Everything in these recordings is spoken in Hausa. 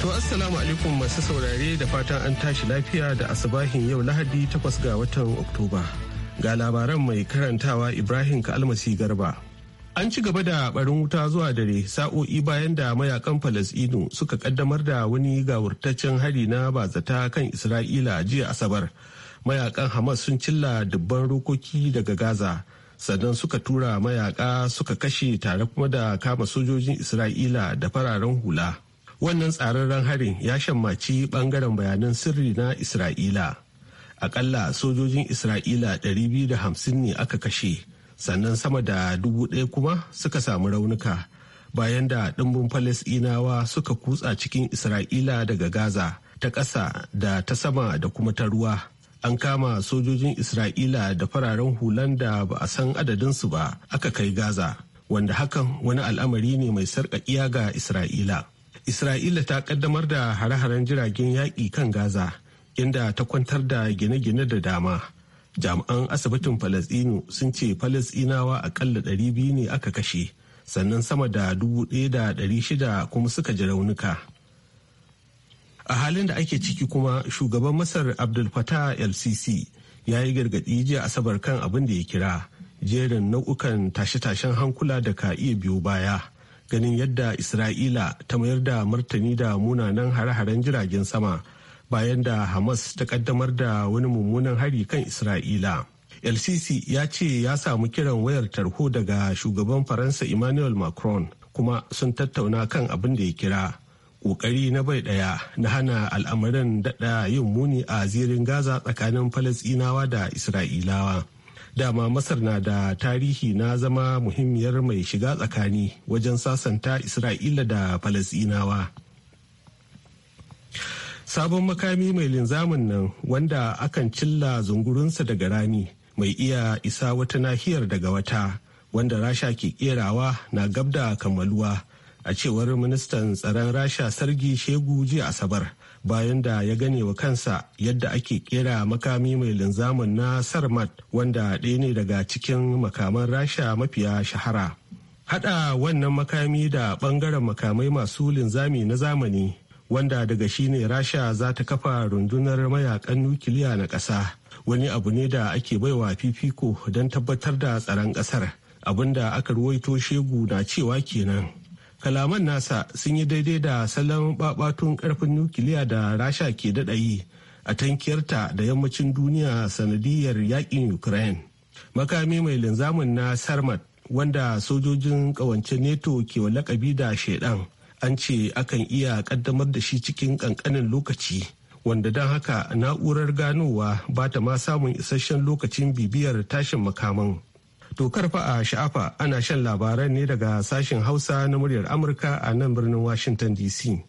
To assalamu alaikum masu saurare da fatan an tashi lafiya da asubahin yau lahadi takwas ga watan Oktoba. Ga labaran mai karantawa Ibrahim Kalmasi Garba. An ci gaba da barin wuta zuwa dare sa'o'i bayan da mayakan Falasɗinu suka kaddamar da wani gawurtaccen hari na bazata kan Isra'ila jiya Asabar. Mayakan Hamas sun cilla dubban rokoki daga Gaza. sannan suka tura mayaka suka kashe tare kuma da kama sojojin Isra'ila da fararen hula. wannan tsararren harin ya shammaci bangaren bayanan sirri na isra'ila akalla sojojin isra'ila 250 ne aka kashe sannan sama da dubu ɗaya kuma suka samu raunuka bayan da ɗimbin falasɗinawa suka kutsa cikin isra'ila daga gaza ta ƙasa da ta sama da kuma ta ruwa an kama sojojin isra'ila da fararen hulan da ba a san adadinsu ba aka kai gaza wanda hakan wani al'amari ne mai sarƙaƙiya ga isra'ila Isra'ila ta kaddamar da hare-haren jiragen yaƙi kan Gaza inda ta kwantar da gine-gine da dama. Jami'an asibitin Falasɗinu sun ce Falasɗinawa akalla ɗari biyu ne aka kashe, sannan sama da dubu ɗaya da ɗari shida kuma suka ji raunuka. A halin da ake ciki kuma shugaban Masar Abdul Fattah LCC ya yi gargaɗi jiya Asabar kan abin da ya kira jerin nau'ukan tashe-tashen hankula da ka iya biyo baya. ganin yadda isra'ila ta mayar da martani da munanan hare-haren jiragen sama bayan da hamas ta kaddamar da wani mummunan hari kan isra'ila lcc ya ce ya samu kiran wayar tarho daga shugaban faransa emmanuel macron kuma sun tattauna kan abin da ya kira kokari na bai ɗaya na hana al'amarin daɗa yin muni a zirin gaza tsakanin falasinawa da isra'ilawa dama masar na da tarihi na zama muhimmiyar mai shiga tsakani wajen sasanta isra'ila da falasinawa sabon makami mai linzamin nan wanda akan cilla zungurunsa daga rami mai iya isa wata nahiyar daga wata wanda rasha ke kerawa na gabda kammaluwa a cewar ministan tsaron rasha sargi shegu jiya asabar bayan da ya gane wa kansa yadda ake kera makami mai linzamin na sarmat wanda ɗaya ne daga cikin makaman rasha mafiya shahara hada wannan makami da ɓangaren makamai masu linzami na zamani wanda daga shi ne rasha za ta kafa rundunar mayakan nukiliya na ƙasa wani abu ne da ake baiwa fifiko don tabbatar da tsaron ƙasar abinda aka ruwaito shegu na cewa kenan kalaman nasa sun yi daidai da salon babatun karfin nukiliya da rasha ke daɗa yi a tankiyarta da yammacin duniya sanadiyar yakin ukraine makami mai linzamin na sarmat wanda sojojin ƙawance neto ke lakabi da shaidan an ce akan iya ƙaddamar da shi cikin ƙanƙanin lokaci wanda don haka na'urar ganowa ba ta ma samun isasshen lokacin bibiyar tashin makaman dokar karfa a sha'afa ana shan labaran ne daga sashen Hausa na muryar Amurka a nan birnin Washington DC.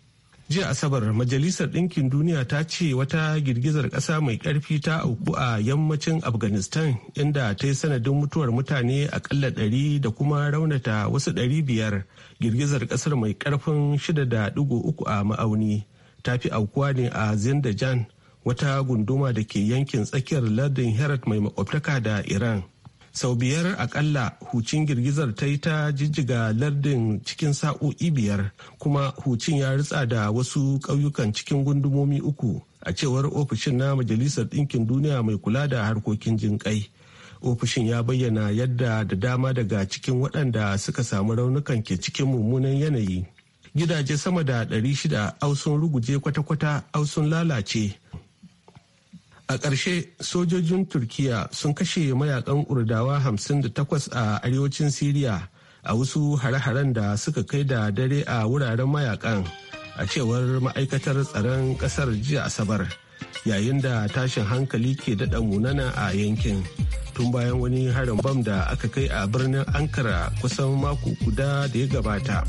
jiya asabar majalisar ɗinkin duniya ta ce wata girgizar ƙasa mai ƙarfi ta auku a yammacin afghanistan inda ta yi sanadin mutuwar mutane akalla ɗari da kuma raunata wasu ɗari biyar girgizar ƙasar mai ƙarfin shida da uku a ma'auni ta fi aukuwa ne a zindajan wata gunduma da ke yankin tsakiyar lardin herat mai makwabtaka da iran sau biyar akalla hucin girgizar ta yi ta jijjiga lardin cikin sa'o'i biyar kuma hucin ya ritsa da wasu ƙauyukan cikin gundumomi uku a cewar ofishin na majalisar ɗinkin duniya mai kula da harkokin jinƙai ofishin ya bayyana yadda da dama daga cikin waɗanda suka samu raunukan ke cikin mummunan yanayi gidaje sama da 600 ausun ruguje kwata-kwata sun lalace A ƙarshe sojojin Turkiya sun kashe mayakan urdawa 58 a arewacin Siriya a wasu hare-haren da suka kai da dare a wuraren mayakan a cewar ma'aikatar tsaron ƙasar jiya Asabar yayin da tashin hankali ke daɗa munana a yankin tun bayan wani harin bam da aka kai a birnin Ankara kusan mako guda da ya gabata.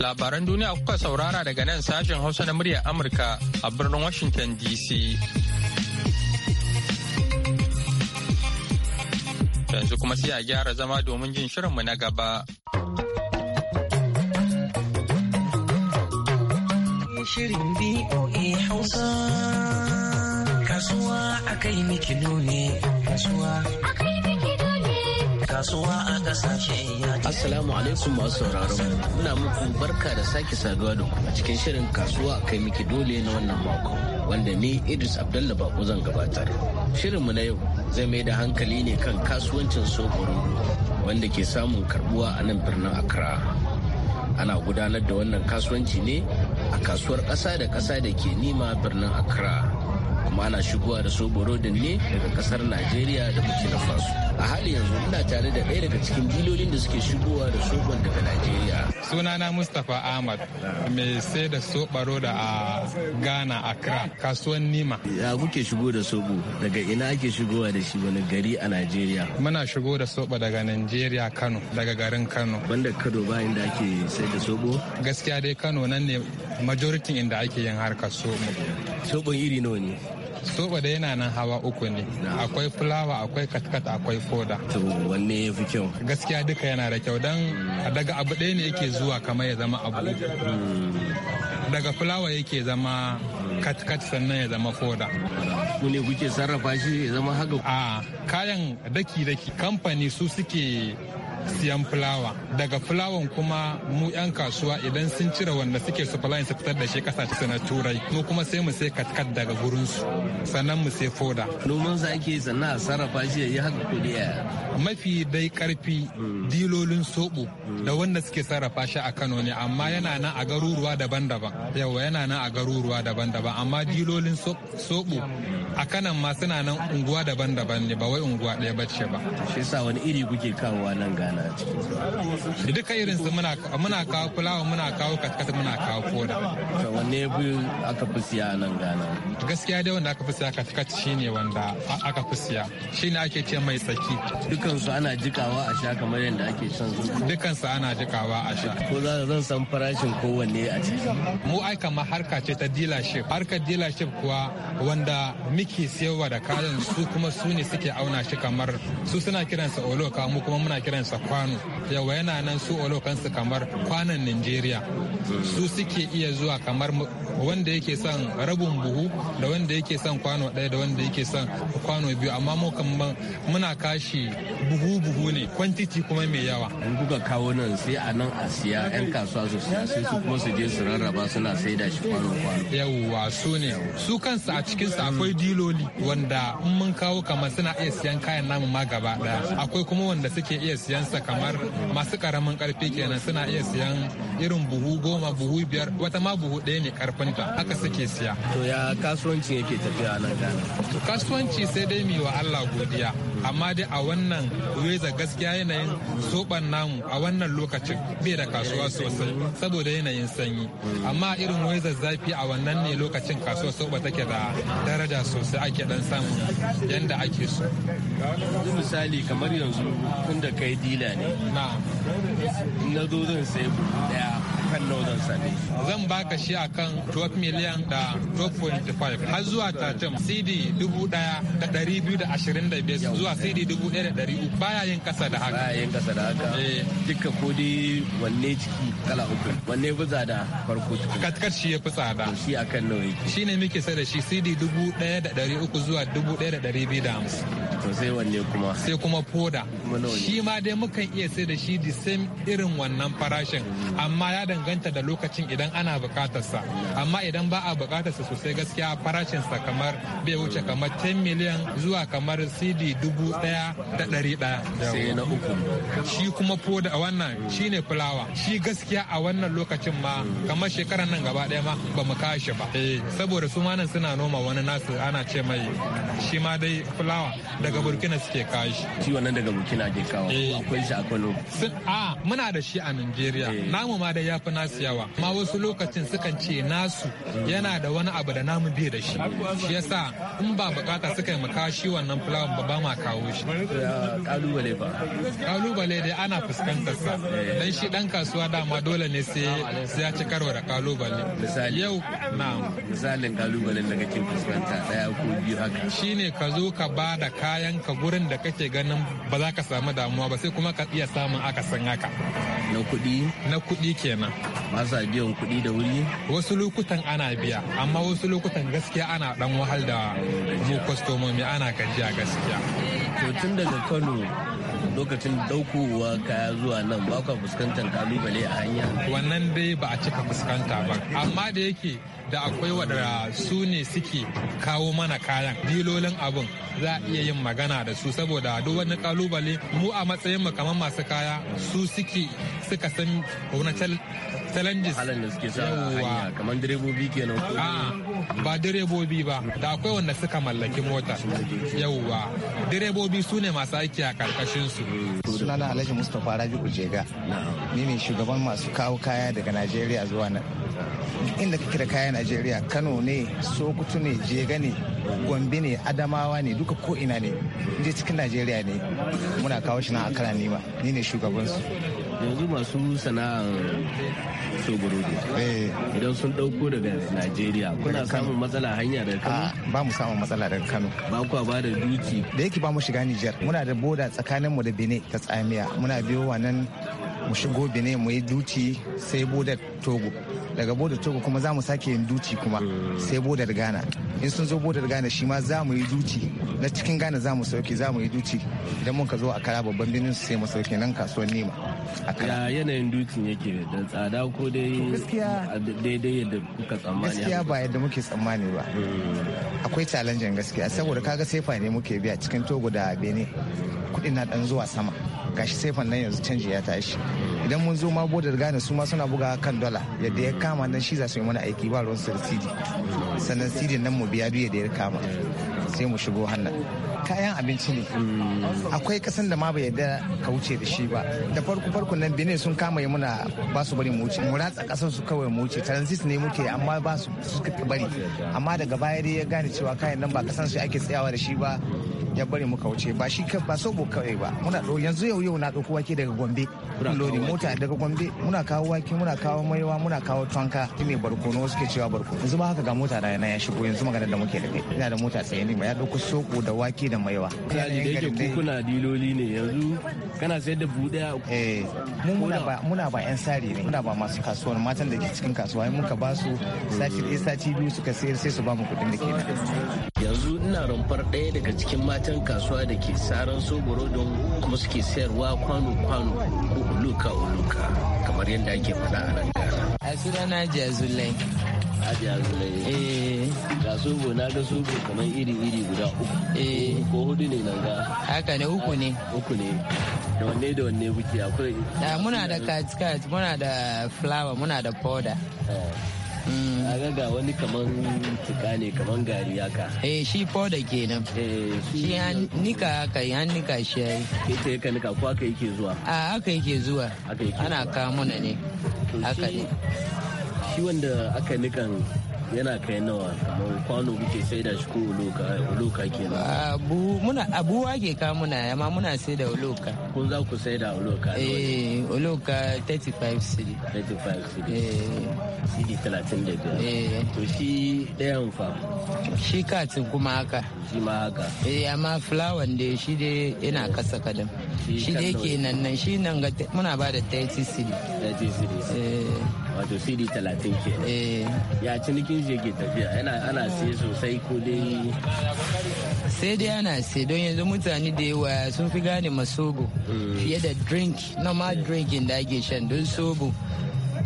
Labaran duniya kuka saurara daga nan sashen Hausa na muryar Amurka a birnin Washington DC. Yanzu kuma sai a gyara zama domin jin shirinmu na gaba. Shirin BOA Hausa Kasuwa a kai ne, kasuwa a kai kasuwa Assalamu alaikum masu sauraron muna muku barka da sake saduwa da ku a cikin shirin kasuwa kai miki dole na wannan mako wanda ni Idris Abdullahi Bako zan gabatar. shirin mu na yau zai mai da hankali ne kan kasuwancin sokoro wanda ke samun karbuwa a nan birnin Accra. Ana gudanar da wannan kasuwanci ne a kasuwar ƙasa da ƙasa da ke nima birnin Accra. kuma ana shigowa da su burodin ne daga kasar najeriya da burkina faso a hali yanzu ina tare da ɗaya daga cikin dilolin da suke shigowa da sogon daga najeriya sunana mustapha ahmad mai sai da sobaro da a ghana accra kasuwan nima ya kuke shigo da sobo daga ina ake shigowa da shi wani gari a najeriya muna shigo da sobo daga najeriya kano daga garin kano banda kano ba inda ake sai da sobo. gaskiya dai kano nan ne majoritin inda ake yin harkar sobo. Sobon iri nawa ne soba da yana nan hawa uku ne akwai fulawa akwai katkat akwai foda wanne ya fi kyau gaskiya duka yana da kyau don daga abu ɗaya ne yake zuwa kamar ya zama abu uku daga fulawa yake zama katkat sannan ya zama foda. Ku ne kuke sarrafa shi ya zama haka? A kayan daki-daki kamfani su suke siyan fulawa daga fulawan kuma mu 'yan kasuwa idan sun cire wanda suke supplying su fitar da shi kasashe na turai mu kuma sai mu sai katkat daga gurinsu sannan mu sai foda noman sa ake sannan a sarrafa shi ya yi haka kudi mafi dai karfi hmm. dilolin soɓo hmm. da wanda suke sarrafa shi a kano ne amma yana nan a garuruwa daban-daban yawa yana nan a garuruwa daban-daban amma dilolin soɓo a kanan ma suna nan unguwa daban-daban ne ba wai unguwa ɗaya bace ba shi yasa wani iri kuke kawowa nan gana ana a cikin su duka irin su muna muna kawo kulawa muna kawo kaskasa muna kawo koda to wanne biyu aka fi siya nan gana gaskiya dai wanda aka fi siya kaskasa shine wanda aka fi siya shine ake ce mai tsaki dukan su ana jikawa a sha kamar yadda ake son su dukan su ana jikawa a sha ko za zan san farashin kowanne a ciki mu ai kamar harka ce ta dealership harkar dealership kuwa wanda muke siyarwa da kayan su kuma su ne suke auna shi kamar su suna kiransa oloka mu kuma muna kiransa kwano yawa yana nan su olokansu kamar kwanan nigeria su suke iya zuwa kamar wanda yake son rabin buhu da wanda yake son kwano ɗaya da wanda yake son kwano biyu amma mu kamar muna kashi buhu buhu ne kwantiti kuma mai yawa in kuka kawo nan sai a nan a siya yan kasuwa su siya sai su kuma su je su rarraba suna saida shi kwano kwano yawa su ne su kansu a cikin su akwai diloli wanda in mun kawo kamar suna iya siyan kayan namu ma gaba daya akwai kuma wanda suke iya siyan kasa kamar masu karamin karfi kenan suna iya siyan irin buhu goma buhu biyar wata ma buhu ɗaya ne karfinta haka suke siya. To ya kasuwanci yake tafiya nan Kasuwanci sai dai mi wa Allah godiya. amma dai a wannan weza gaskiya yanayin soban namu a wannan lokacin bai da kasuwa sosai saboda yanayin sanyi amma irin weza zafi a wannan ne lokacin kasuwa soba take da daraja sosai ake dan samun yanda ake so misali kamar yanzu tun da kai dila ne na zo zan sai buhu daya kallo zan same shi zan baka shi akan 12 miliyan da 12.5 har zuwa 13 cd 1225 zuwa cd 1300 baya yin kasa da haka baya yin kasa da haka eh. duka ko dai wanne ciki kala uku wanne fi tsada farko ciki Katkat shi ya fi tsada shi akan nawa yake shi ne muke sai da shi cd 1300 zuwa 1250 to sai wanne kuma sai kuma poda. shi ma dai mukan iya sai da shi the same irin wannan farashin mm. amma ya danganta danganta da lokacin idan ana bukatarsa amma idan ba a bukatarsa sosai gaskiya farashinsa kamar bai wuce kamar 10 miliyan zuwa kamar cd dubu daya da dari daya sai na uku shi kuma foda da wannan shi ne fulawa shi gaskiya a wannan lokacin ma kamar shekarar nan gaba daya ma ba mu kawo shi ba eh. saboda su nan suna noma wani nasu ana ce mai shi ma dai fulawa daga burkina suke kawo shi shi wannan daga burkina ke kawo eh. akwai shi a kano a muna da shi a nigeria eh. namu ma dai ya fi na siyawa ma wasu lokacin sukan ce nasu yana da wani abu da namu bai da shi shi yasa in ba bukata suka yi maka shi wannan fulawan ba ba ma kawo shi kalubale ba kalubale dai ana fuskantar sa dan shi dan kasuwa dama dole ne sai ya ci karo da kalubale misali yau na misalin kalubale da kake fuskanta daya ko biyu haka shine ka zo ka ba da kayan ka gurin da kake ganin ba za ka samu damuwa ba sai kuma ka iya samun akasin haka na kuɗi na kuɗi kenan ba sa biyan kuɗi da wuri wasu lokutan ana biya amma wasu lokutan gaskiya ana dan wahal da mu kwastomomi ana gajiya gaskiya to tun daga kano lokacin daukowa kaya zuwa nan ba ka fuskantar kalubale a hanya wannan dai ba a cika fuskanta ba amma da yake da akwai waɗanda su ne suke kawo mana kayan dilolin abin za a iya yin magana da su saboda duk wani kalubale mu a matsayin mu kamar masu kaya su suke suka san wani challenges halin kamar direbobi kenan ba direbobi ba da akwai wanda suka mallaki mota yauwa direbobi su ne masu aiki a karkashin su sunana alhaji mustapha rabi'u jega mimi shugaban masu kawo kaya daga najeriya zuwa nan inda kake da kayan najeriya kano ne sokoto ne jega ne gombe ne adamawa ne duka ko ina ne inda cikin najeriya ne muna kawo shi na akara nima ni ne shugabansu yanzu masu sana'ar shogorodo eh. idan sun dauko daga najeriya kuna samun matsala hanya daga kano ah, ba mu samun matsala daga kano ba kuwa ba da duki da yake ba mu shiga nijar muna da boda tsakaninmu da benin ta tsamiya muna biyo wannan mu shigo benin mu yi duci sai bodar togo daga bodar togo kuma za mu sake yin duci kuma sai bodar ghana in sun zo bodar ghana shi ma za mu yi duci na cikin ghana za mu sauke za mu yi duci idan muka zo a kara babban birnin su sai mu sauke nan kasuwar nema ya yanayin dutin yake da tsada ko dai daidai yadda kuka tsammani gaskiya ba yadda muke tsammani ba akwai challenge gaskiya saboda kaga sefa ne muke biya cikin togo da bene kudin na dan zuwa sama gashi saifan nan yanzu canji ya tashi idan mun zo ma bodar gane su ma suna buga kan dola yadda ya kama nan shi za su yi mana aiki ba ruwan sir cd sannan cd nan mu biya duk da ya kama sai mu shigo hannun kayan abinci ne akwai kasan da ma bai yadda ka wuce da shi ba da farko farko nan benin sun kama yi muna ba su bari mu wuce mu ratsa kasan su kawai mu wuce transit ne muke amma ba su suka bari amma daga baya dai ya gane cewa kayan nan ba kasan su ake tsayawa da shi ba ya bari muka wuce ba shi ba sobo kawai ba muna yanzu yau yau na ɗauko wake daga gombe lori mota daga gombe muna kawo wake muna kawo maiwa muna kawo tonka mai barkono suke cewa barkono yanzu ba haka ga mota da yana ya shigo yanzu magana da muke da kai ina da mota tsaye ne ba ya ɗauko soko da wake da maiwa kaji da yake kuna diloli ne yanzu kana sayar da buɗe eh mu muna ba muna ba yan sari ne muna ba masu kasuwar matan da ke cikin kasuwa muka ba su sati ɗaya sati biyu suka sayar sai su ba mu kuɗin da ke yanzu ina rumfar ɗaya daga cikin mata 'yan kasuwa da ke saran soboro don kuma suke sayarwa kwano-kwano ko uluka-uluka kamar yadda ake faɗa a nan gara. a sunana jazulai Hajiya Zulai. Eh. Ga sobo na ga sobo kamar iri-iri guda uku. Eh. Ko hudu ne nan ga. Haka ne uku ne. Uku ne. Da wanne da wanne kuke akwai. Muna da kati-kati muna da flour muna da powder. Eh. Aga ga wani kaman tuka ne kaman gari haka eh shi foda kenan eh shi nika haka ya nika shi yi ita yaka nika ko haka yake zuwa a haka yake zuwa ana kawo ne haka ne shi wanda aka nikan yana kai nawa kamar kwano kuke sai da shi ko uluka ke kenan abu muna abuwa ke ka muna amma muna sai da uluka kun za ku sai da uluka eh uluka 35 cd 35 cd eh cedi 35 eh to shi dayan fa shi katin kuma haka shi ma haka eh amma flower da shi da yana kasa kadan shi da yake nan nan shi nan ga muna ba da 30 cd 30 cd eh wato cd 30 ke eh ya ci nikin kudin ke tafiya yana ana sai sosai ko dai sai dai ana sai don yanzu mutane da yawa sun fi gane sobo mm. fiye da drink normal drinking da ake shan don sobo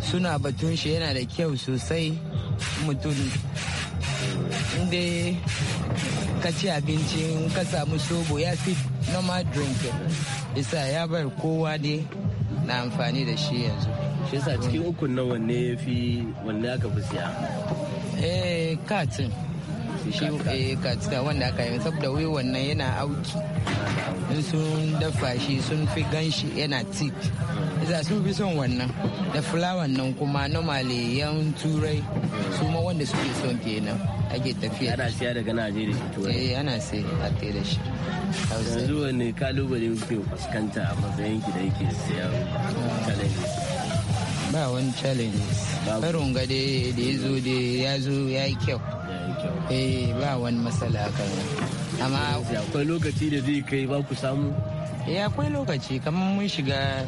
suna batun shi yana da kyau sosai mutum inda ka ci abinci ka samu sobo ya fi normal drink isa ya bar kowa ne na amfani da shi yanzu shi sa cikin ukun nawa ne fi wanne aka fi siya katin eh, shi eh, katsina wanda aka yi saboda wai wannan yana auki in sun dafa shi sun fi ganshi yana tit za sun fi son wannan da fulawan nan kuma normally yan turai su ma wanda suke son kenan ake tafiya ana siya daga najeriya turai eh ana siya a da shi yanzu wani kalubale kuke fuskanta a matsayin ki da yake siya kalai ba wani challenge karin gade da ya zo da ya zo ya yi kyau eh ba wani matsala kan amma akwai lokaci da zai kai ba ku samu eh akwai lokaci kamar mun shiga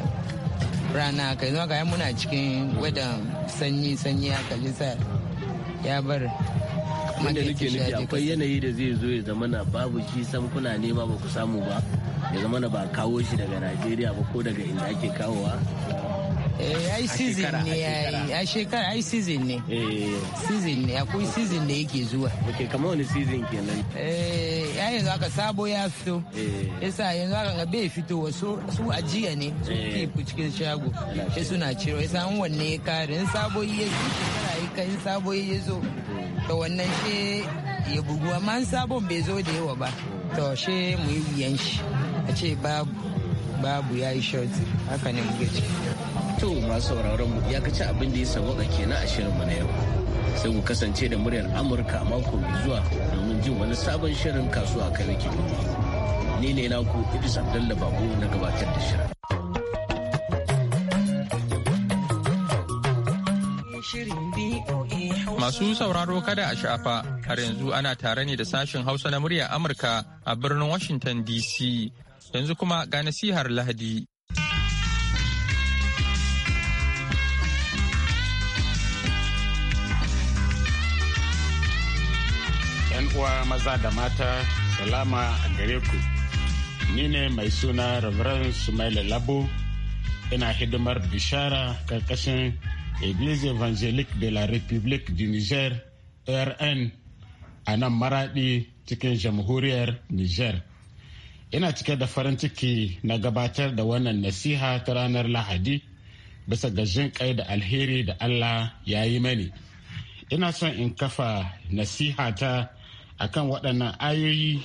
rana kai zuwa ga muna cikin wadan sanyi sanyi a kalisa ya bar wanda nake nufi akwai yanayi da zai zo ya zama na babu shi sam kuna nema ba ku samu ba ya zama na ba kawo shi daga najeriya ba ko daga inda ake kawowa eh ai season ne a shekara ai season ne eh. season ne akwai season da yake zuwa okay kamar wani season kenan eh ai yanzu aka sabo ya fito eh yasa yanzu aka ga bai fito wasu su ajiya ne su eh. ke cikin shago sai suna ciro yasa an wanne ya kare in sabo ya shekara ya kai sabo yi zo da wannan shi ya bugu amma sabon bai zo da yawa ba to shi mu yi wuyan shi a ce babu babu ya yi short haka ne muke ciki To masu sauraron mu ya kaci abin da ya sauwaka kenan a shirin mu na yau. Sai ku kasance da muryar Amurka mako mai zuwa domin jin wani sabon shirin kasuwa kai rike Ni ne naku Idris Abdullahi Babu na gabatar da shirin. Masu sauraro kada a sha'afa har yanzu ana tare ne da sashen Hausa na muryar Amurka a birnin Washington DC. Yanzu kuma ga nasihar Lahadi. uwa maza da mata, salama a gare ku. Ni ne mai suna Reverend Sumaila Labo, ina hidimar bishara karkashin Eglise Evangelique de la République du Niger, e RN, a nan maraɗi cikin jamhuriyar Niger. Ina cike da farin ciki na gabatar da wannan nasiha ta ranar Lahadi bisa ga jin kai da alheri da Allah ya yi mani. Ina son in kafa nasiha ta akan waɗannan ayoyi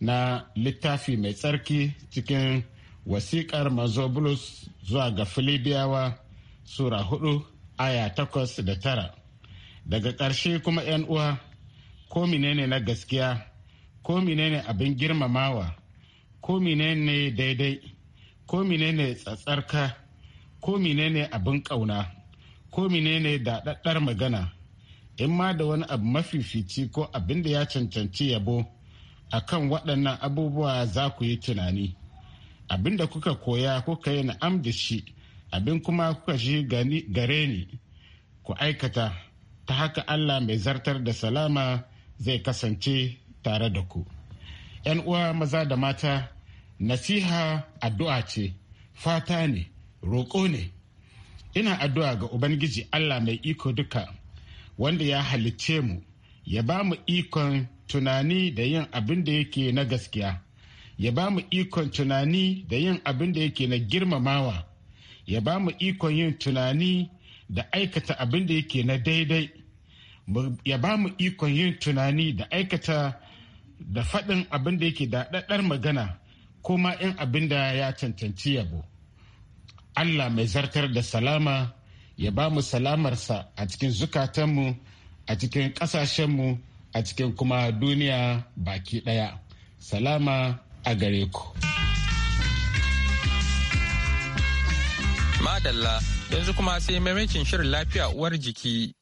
na littafi mai tsarki cikin wasiƙar mazobulus zuwa ga filibiyawa sura hudu aya takwas da tara daga ƙarshe kuma 'yan uwa ko menene na gaskiya ko menene abin girmamawa ko menene daidai ko menene tsatsarka ko menene abin ƙauna ko menene daɗaɗɗar magana in ma da wani abu mafifici ko abin da ya cancanci yabo a kan waɗannan abubuwa za ku yi tunani abin da kuka koya kuka yi na'am da shi abin kuma kuka shi gare ni ku aikata ta haka allah mai zartar da salama zai kasance tare da ku yan uwa maza da mata nasiha addu'a ce fata ne roƙo ne ina addu'a ga ubangiji allah mai iko duka wanda ya halicce mu ya ba mu ikon tunani da yin abin da yake na gaskiya ya ba mu ikon tunani da yin abin da yake na girmamawa ya ba mu ikon yin tunani da aikata abin da yake na daidai ya ba mu ikon yin tunani da aikata da faɗin abin da yake daɗaɗar magana ko ma in abin da ya cancanci yabo allah mai zartar da salama ya ba mu salamarsa a cikin zukatanmu a cikin ƙasashenmu a cikin kuma duniya baki ɗaya salama a gare ku madalla yanzu kuma sai maimakin shirin lafiya uwar jiki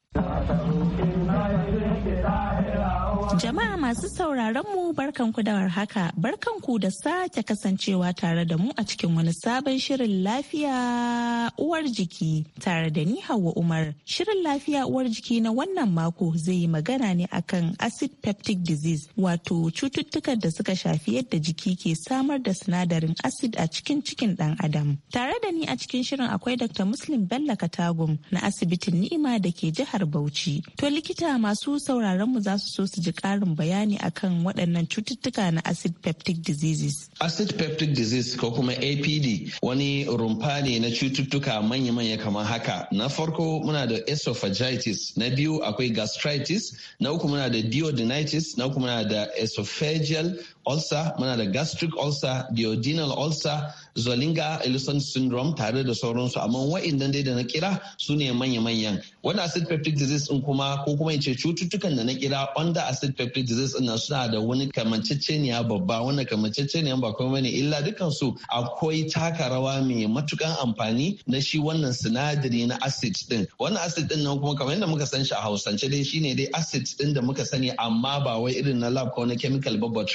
Jama'a masu sauraron mu barkanku da warhaka, barkanku da sake kasancewa tare da mu a cikin wani sabon shirin lafiya uwar jiki tare da ni Hauwa Umar. Shirin lafiya uwar jiki na wannan mako zai yi magana ne akan acid peptic disease wato cututtukan da suka shafi yadda jiki ke samar da sinadarin acid a cikin cikin dan adam. Tare da ni a cikin shirin akwai Dr. Muslim Bello Katagum na asibitin Ni'ima da ke jihar Bauchi. To likita masu sauraron mu za su so su ji ƙarin bayani akan waɗannan cututtuka na acid peptic diseases. Acid peptic disease ko kuma APD wani rumfa ne na cututtuka manya-manya kamar haka. Na farko muna da esophagitis, na biyu akwai gastritis, na uku muna da duodenitis, na uku muna da esophageal ulcer muna da gastric ulcer duodenal ulcer zolinga elison syndrome tare da sauransu amma wa'indan dai da na kira su ne manya-manyan wani acid peptic disease in kuma ko kuma in ce cututtukan da na kira under acid peptic disease suna da wani kamanceceniya babba wani kamanceceniya ba kuma wani illa dukkan su akwai taka rawa mai matukan amfani na shi wannan sinadari na acid din wannan acid din nan kuma kamar yadda muka san shi a hausance dai shine dai acid din da muka sani amma ba wai irin na lab ko na chemical ba but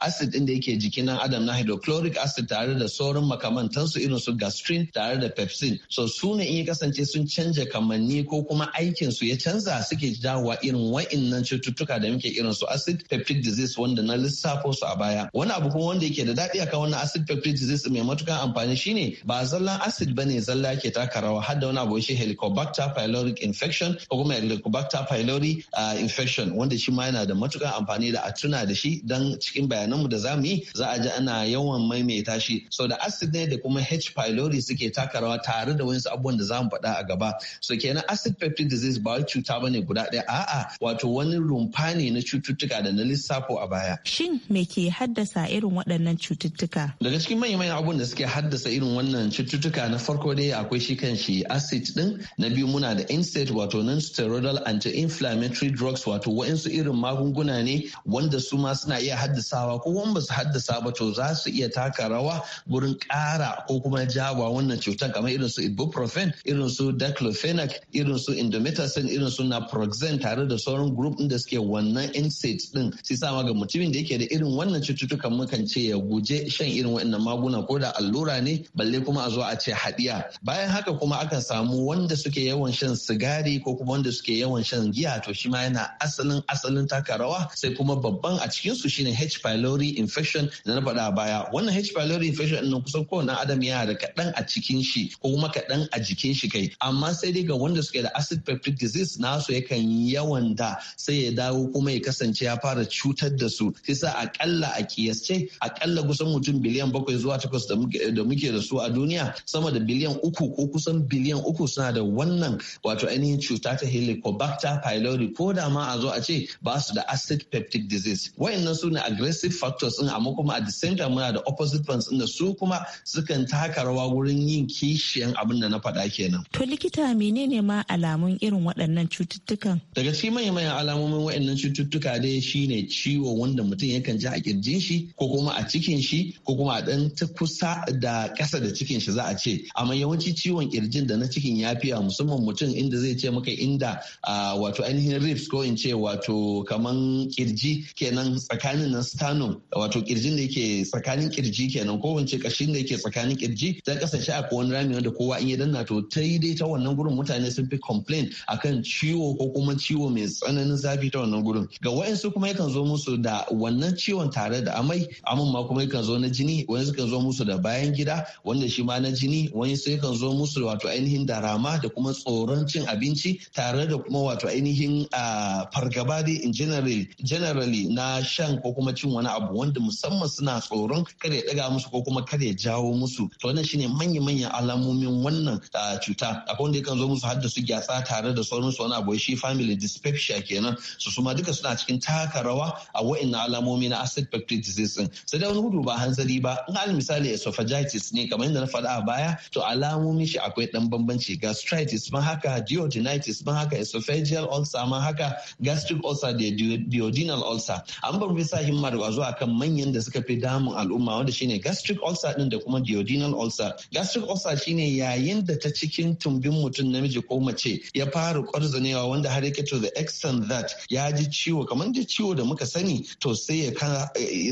acid din da yake jikin nan adam na hydrochloric acid tare da sauran makamantansu irin su gastrin tare da pepsin so su in ya kasance sun canja kamanni ko kuma aikin su ya canza suke jawowa irin wa'innan cututtuka da muke irin su acid peptic disease wanda na lissafo su a baya wani abu kuma wanda yake da daɗi akan wannan acid peptic disease mai matukan amfani shine ba zallan acid bane zalla ke taka rawa har da wani abu shi helicobacter pylori infection ko kuma helicobacter pylori ah, infection wanda shi ma yana da matukan amfani da a tuna da shi dan cikin cikin bayananmu da za mu yi za a ji ana yawan maimaita shi so da acid ne da kuma h pylori suke takarawa tare da wasu abubuwan da za mu faɗa a gaba so kenan acid peptic disease ba cuta ne guda ɗaya a'a wato wani rumfa ne na cututtuka da na lissafo a baya shin me ke haddasa irin waɗannan cututtuka daga cikin manyan abubuwan da suke haddasa irin wannan cututtuka na farko dai akwai shi kan shi acid din na biyu muna da insect wato non steroidal anti-inflammatory drugs wato wa'insu irin magunguna ne wanda su ma suna iya haddasa haddasawa ko wani ba su haddasa ba to za su iya taka rawa gurin ƙara ko kuma jawa wannan cutar kamar irin su ibuprofen irin su diclofenac irin su indomethacin irin su naproxen tare da sauran group din da suke wannan NSAIDs din sai sa ga mutumin da yake da irin wannan cututtukan mukan ce ya guje shan irin waɗannan maguna ko da allura ne balle kuma a zo a ce hadiya bayan haka kuma akan samu wanda suke yawan shan sigari ko kuma wanda suke yawan shan giya to shi ma yana asalin asalin taka rawa sai kuma babban a cikin su shine H. pylori infection da na faɗa baya wannan H. pylori infection ɗin kusan kowane adam yana da kaɗan a cikin shi ko kuma kaɗan a jikin shi kai amma sai dai ga wanda suke da acid peptic disease nasu yakan yawan da sai ya dawo kuma ya kasance ya fara cutar da su sai sa akalla a kiyasce akalla kusan mutum biliyan bakwai zuwa takwas da muke da su a duniya sama da biliyan uku ko kusan biliyan uku suna da wannan wato ainihin cuta ta helicobacter pylori ko da ma a zo a ce ba su da acid peptic disease wayannan su ne a aggressive factors din amma kuma at the same time muna da opposite ones din da su kuma sukan taka rawa wurin yin kishiyan abin da na faɗa kenan. To likita menene ma alamun irin waɗannan cututtukan? Daga cikin manyan manyan alamomin waɗannan cututtuka dai shine ciwo wanda mutum yakan ji a kirjin shi ko kuma a cikin shi ko kuma a dan ta kusa da ƙasa da cikin shi za a ce amma yawanci ciwon kirjin da na cikin ya fiya musamman mutum inda zai ce maka inda ah, wato ainihin ribs ko in ce wato kaman kirji kenan tsakanin nan sternum wato kirjin da yake tsakanin kirji kenan ko wance kashin da yake tsakanin kirji ta kasance a wani rami wanda kowa in ya danna to ta yi dai ta wannan gurin mutane sun fi complain akan ciwo ko kuma ciwo mai tsananin zafi ta wannan gurin ga wayansu kuma yakan zo musu da wannan ciwon tare da amai amin ma kuma yakan zo na jini wani sukan zo musu da bayan gida wanda shi ma na jini wani sai yakan zo musu wato ainihin darama da kuma tsoron cin abinci tare da kuma wato ainihin ah, fargaba dai in generally na shan ko kuma cin wani abu wanda musamman suna tsoron kar ya daga musu ko kuma kar ya jawo musu to wannan shine manya manyan alamomin wannan cuta akwai wanda yakan zo musu har da su gyatsa tare da sauransu wani abu shi family dyspepsia kenan su suma duka suna cikin taka rawa a wa'annan alamomi na acid peptic disease din sai dai wani gudu ba hanzari ba in al misali esophagitis ne kamar yadda na faɗa a baya to alamomin shi akwai dan bambanci gastritis ma haka duodenitis ma haka esophageal ulcer ma haka gastric ulcer da duodenal ulcer an bar bisa himma himma da akan manyan da suka fi damun al'umma wanda shine gastric ulcer din da kuma duodenal ulcer gastric ulcer shine yayin da ta cikin tumbin mutum namiji ko mace ya fara kwarzanewa wanda har yake to the extent that ya ji ciwo kamar da ciwo da muka sani to sai ya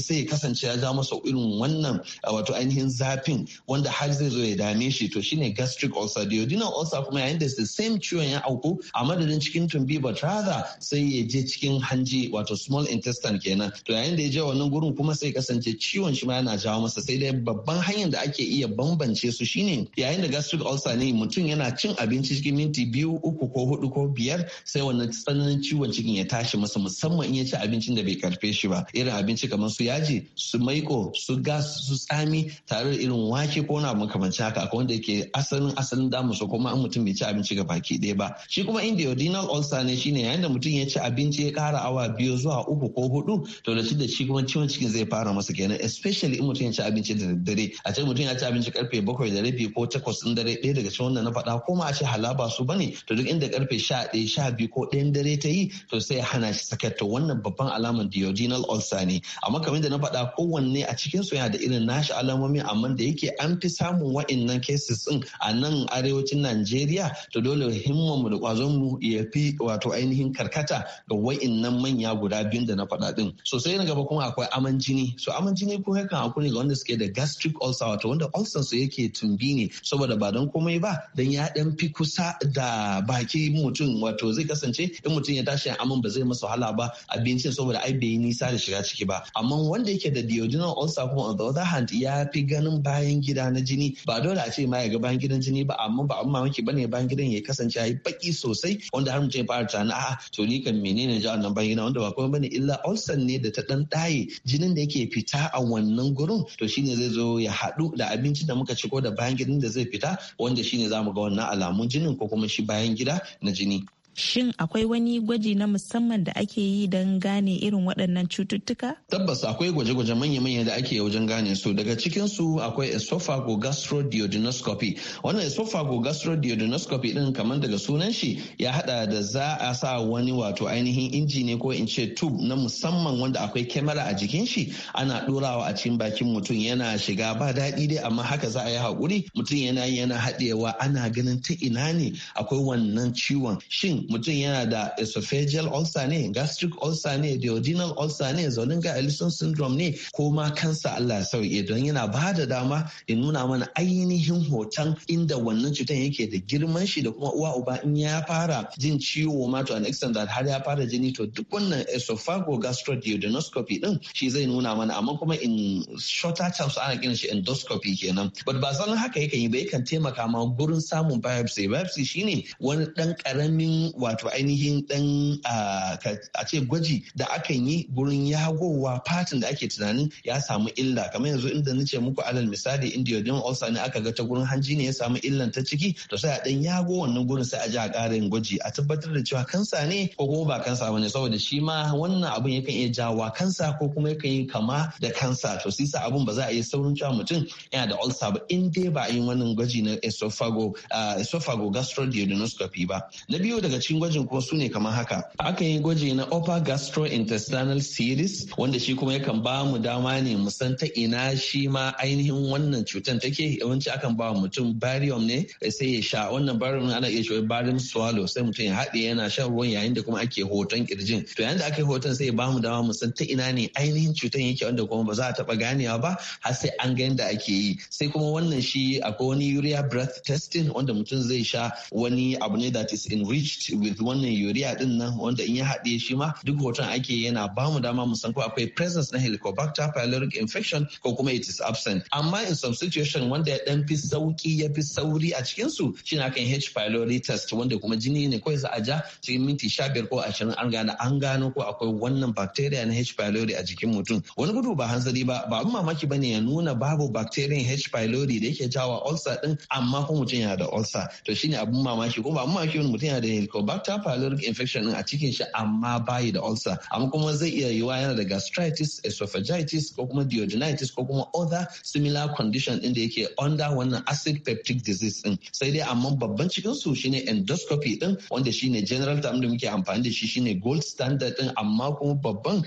sai ya kasance ya ja masa irin wannan wato ainihin zafin wanda har zai zo ya dame shi to shine gastric ulcer duodenal ulcer kuma yayin da the same ciwon ya auku a madadin cikin tumbi but rather sai ya je cikin hanji wato small intestine kenan to yayin da ya je wannan gurin kuma sai kasance ciwon shi ma yana jawo masa sai dai babban hanyar da ake iya bambance su shine yayin da gastric ulcer ne mutum yana cin abinci cikin minti biyu uku ko hudu ko biyar sai wannan tsananin ciwon cikin ya tashi masa musamman in ya ci abincin da bai karfe shi ba irin abinci kamar su yaji su maiko su gas su tsami tare da irin wake ko na makamanci haka akwai wanda yake asalin asalin damu su kuma an mutum bai ci abinci ga baki ɗaya ba shi kuma indiodinal ulcer ne shine yayin da mutum ya ci abinci ya kara awa biyu zuwa uku ko hudu to da shi kuma ciwon cikin zai fara masa kenan especially in mutum ya ci abinci da daddare a ce mutum ya ci abinci karfe bakwai da rabi ko takwas in dare ɗaya daga cikin wannan na faɗa ko ma a ce halaba su bane to duk inda karfe sha ɗaya sha biyu ko ɗayan dare ta yi to sai hana shi sakar to wannan babban alamar duodenal ulcer ne amma kamar da na faɗa kowanne a cikin su yana da irin nashi alamomi amma da yake an fi samun wa'innan cases ɗin a nan arewacin Najeriya to dole himman mu da kwazon mu ya fi wato ainihin karkata ga waannan manya guda biyun da na faɗa ɗin so sai na gaba kuma akwai aman jini so aman jini ko yakan haku ne ga wanda suke da gastric ulcer wato wanda ulcer su yake tumbi ne saboda ba don komai ba dan ya dan fi kusa da baki mutum wato zai kasance in mutum ya tashi aman ba zai masa wahala ba abincin saboda ai bai nisa da shiga ciki ba amma wanda yake da duodenal ulcer kuma on the other hand ya fi ganin bayan gida na jini ba dole a ce ma ya ga bayan gidan jini ba amma ba amma mamaki bane bayan gidan ya kasance yi baki sosai wanda har mutum ya fara tunani a'a to ni kan menene ja wannan bayan gidan wanda ba komai bane illa ulcer ne da ta dan ɗaye jinin da yake fita a wannan gurin to shine zai zo ya haɗu da abinci da muka ci ko da bayan gidan da zai fita wanda shine zamu ga wannan alamun jinin ko kuma shi bayan gida na jini Shin akwai wani gwaji na musamman da ake yi don gane irin waɗannan cututtuka? Tabbas akwai gwaje-gwaje manya-manya da ake wajen gane su. Daga cikin su akwai esophago gastroduodenoscopy. Wannan esophago gastroduodenoscopy din kamar daga sunan shi ya hada da za a sa wani wato ainihin inji ne ko in ce tube na musamman wanda akwai kyamara a jikin shi ana ɗorawa a cikin bakin mutum yana shiga ba daɗi dai amma haka za a yi haƙuri mutum yana yana haɗewa ana ganin ta ina ne akwai wannan ciwon shin mutum yana da esophageal ulcer ne gastric ulcer ne duodenal ulcer ne ga ellison syndrome ne ko ma kansa Allah sauke don yana ba da dama in nuna mana ainihin hoton inda wannan cutan yake da girman shi da kuma uwa uba in ya fara jin ciwo ma to an that har ya fara jini to duk wannan esophago gastroduodenoscopy din shi zai nuna mana amma kuma in shorter terms ana kiran shi endoscopy kenan but ba san haka yakan yi ba yakan taimaka ma gurin samun biopsy biopsy shine wani dan karamin wato ainihin dan a ce gwaji da akan yi gurin yagowa fatin da ake tunanin ya samu illa kamar yanzu inda na ce muku alal misali inda yodin ulcer ne aka ga ta gurin hanji ne ya samu illan ta ciki to sai a dan yago wannan gurin sai a ji a ƙarin gwaji a tabbatar da cewa kansa ne ko kuma ba kansa bane saboda shi ma wannan abun yakan iya jawa kansa ko kuma yakan yi kama da kansa to sai sa abun ba za a yi saurin cewa mutum yana da ulcer ba in dai ba a yi wannan gwaji na esophago esophago gastroduodenoscopy ba na biyu daga cikin gwajin kuma su ne kamar haka aka yi gwaji na upper gastrointestinal series wanda shi kuma yakan ba mu dama ne mu san ta ina shi ma ainihin wannan cutan take yawanci akan ba mutum barium ne eh, sai ya sha wannan barium ana iya shi barium swallow sai mutum ya haɗe yana shan ruwan yayin da kuma ake hoton kirjin to yayin da aka yi hoton sai ya ba mu dama mu san ta ina ne ainihin cutan yake wanda kuma ba za a taɓa ganewa ba har sai an ga yadda ake yi sai kuma wannan shi akwai wani urea breath testing wanda mutum zai sha wani abu ne that is enriched with wannan urea din nan wanda in ya haɗe shi ma duk hoton ake yana ba mu dama mu san ko akwai presence na helicobacter pylori infection ko kuma it is absent amma in some situation wanda ya dan fi sauki ya fi sauri a cikin su shine akan H pylori test wanda kuma jini ne kawai za a ja cikin minti 15 ko 20 an gano an gano ko akwai wannan bacteria na H pylori a jikin mutum wani gudu ba hanzari ba ba abin mamaki bane ya nuna babu bacterium H pylori da yake jawa ulcer din amma ko mutum yana da ulcer to shine abin mamaki ko ba mamaki wani mutum yana da helicobacter pylori infection din a cikin shi amma bayi da ulcer amma kuma zai iya yiwa yana da gastritis esophagitis ko kuma duodenitis ko kuma other similar condition din da yake under wannan acid peptic disease din sai dai amma babban cikin su shine endoscopy din wanda shine general term da muke amfani da shi shine gold standard din amma kuma babban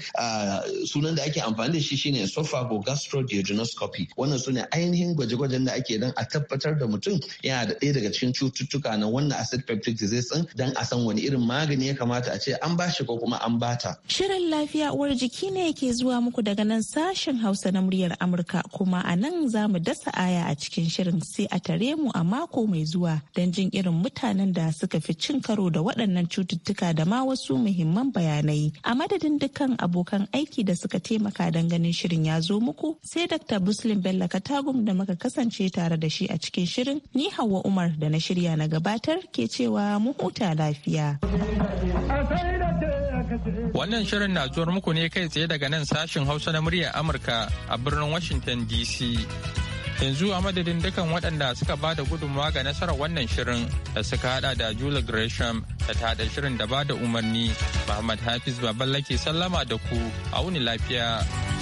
sunan da ake amfani da shi shine esophagogastroduodenoscopy wannan sune ainihin gwaje-gwajen da ake dan a tabbatar da mutum yana da ɗaya daga cikin cututtuka na wannan acid peptic disease din dan a san wani irin magani ya kamata a ce an bashi ko kuma an bata. Shirin lafiya uwar jiki ne yake zuwa muku daga nan sashen Hausa na muryar Amurka kuma a nan za mu dasa aya a cikin shirin sai a tare mu a mako mai zuwa don jin irin mutanen da suka fi cin karo da waɗannan cututtuka da ma wasu muhimman bayanai. A madadin dukkan abokan aiki da suka taimaka don ganin shirin ya zo muku sai Dr. Muslim Bello Katagum da muka kasance tare da shi a cikin shirin ni Hauwa Umar da na shirya na gabatar ke cewa mu huta lafiya. lafiya. Wannan shirin na zuwar muku ne kai tsaye daga nan sashin Hausa na muryar Amurka a birnin Washington DC. Yanzu a madadin dukan waɗanda suka ba da gudunmawa ga nasarar wannan shirin da suka hada da Julia Gresham da ta haɗa shirin da ba da umarni, Muhammad Hafiz Baballake sallama da ku, auni lafiya.